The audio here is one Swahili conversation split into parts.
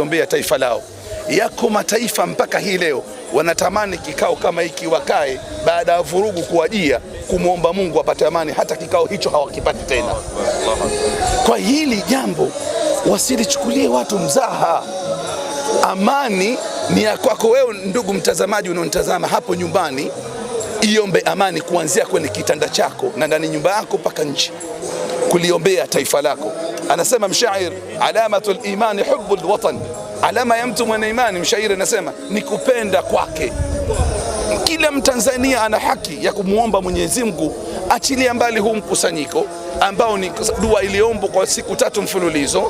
kuliombea taifa lao. Yako mataifa mpaka hii leo wanatamani kikao kama hiki wakae, baada ya vurugu kuwajia, kumwomba Mungu apate amani. Hata kikao hicho hawakipati tena. Kwa hili jambo wasilichukulie watu mzaha. Amani ni ya kwako wewe, ndugu mtazamaji unaonitazama hapo nyumbani, iombe amani kuanzia kwenye kitanda chako na ndani nyumba yako mpaka nchi, kuliombea taifa lako anasema mshair, alamatu limani hubu lwatan, alama ya mtu mwenye imani, mshairi anasema ni kupenda kwake. Kila Mtanzania ana haki ya kumwomba Mwenyezi Mungu achilia mbali huu mkusanyiko ambao ni dua iliyombo kwa siku tatu mfululizo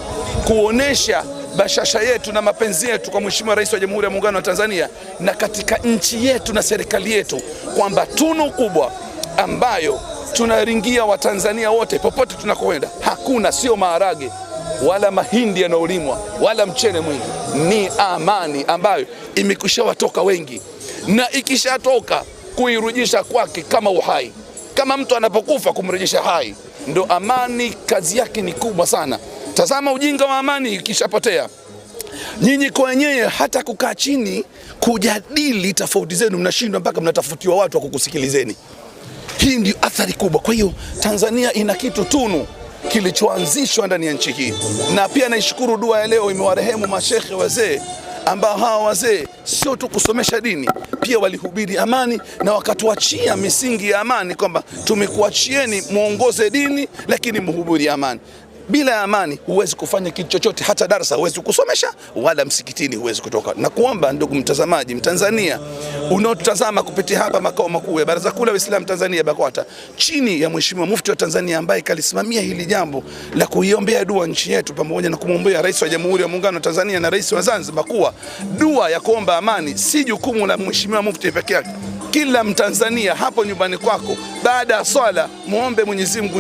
kuonesha bashasha yetu na mapenzi yetu kwa Mheshimiwa Rais wa Jamhuri ya Muungano wa Tanzania na katika nchi yetu na serikali yetu kwamba tunu kubwa ambayo tunaringia Watanzania wote popote tunakoenda. Hakuna sio maharage wala mahindi yanayolimwa wala mchele mwingi, ni amani ambayo imekushawatoka wengi, na ikishatoka kuirudisha kwake kama uhai, kama mtu anapokufa kumrejesha hai, ndo amani. Kazi yake ni kubwa sana. Tazama ujinga wa amani ikishapotea nyinyi kwa wenyewe hata kukaa chini kujadili tofauti zenu mnashindwa, mpaka mnatafutiwa watu wa kukusikilizeni. Hii ndio athari kubwa. Kwa hiyo Tanzania ina kitu tunu kilichoanzishwa ndani ya nchi hii, na pia naishukuru dua ya leo imewarehemu mashekhe wazee ambao hawa wazee sio tu kusomesha dini, pia walihubiri amani na wakatuachia misingi ya amani, kwamba tumekuachieni muongoze dini, lakini muhubiri amani. Bila ya amani huwezi kufanya kitu chochote, hata darasa huwezi kusomesha, wala msikitini huwezi kutoka. Na kuomba ndugu mtazamaji Mtanzania unaotazama kupitia hapa makao makuu ya Baraza Kuu la Waislamu Tanzania BAKWATA chini ya Mheshimiwa Mufti wa Tanzania ambaye kalisimamia hili jambo la kuiombea dua nchi yetu pamoja na kumwombea Rais wa Jamhuri ya Muungano wa Tanzania na Rais wa Zanzibar kuwa dua ya kuomba amani si jukumu la Mheshimiwa Mufti peke yake. Kila Mtanzania hapo nyumbani kwako, baada ya swala muombe Mwenyezi Mungu.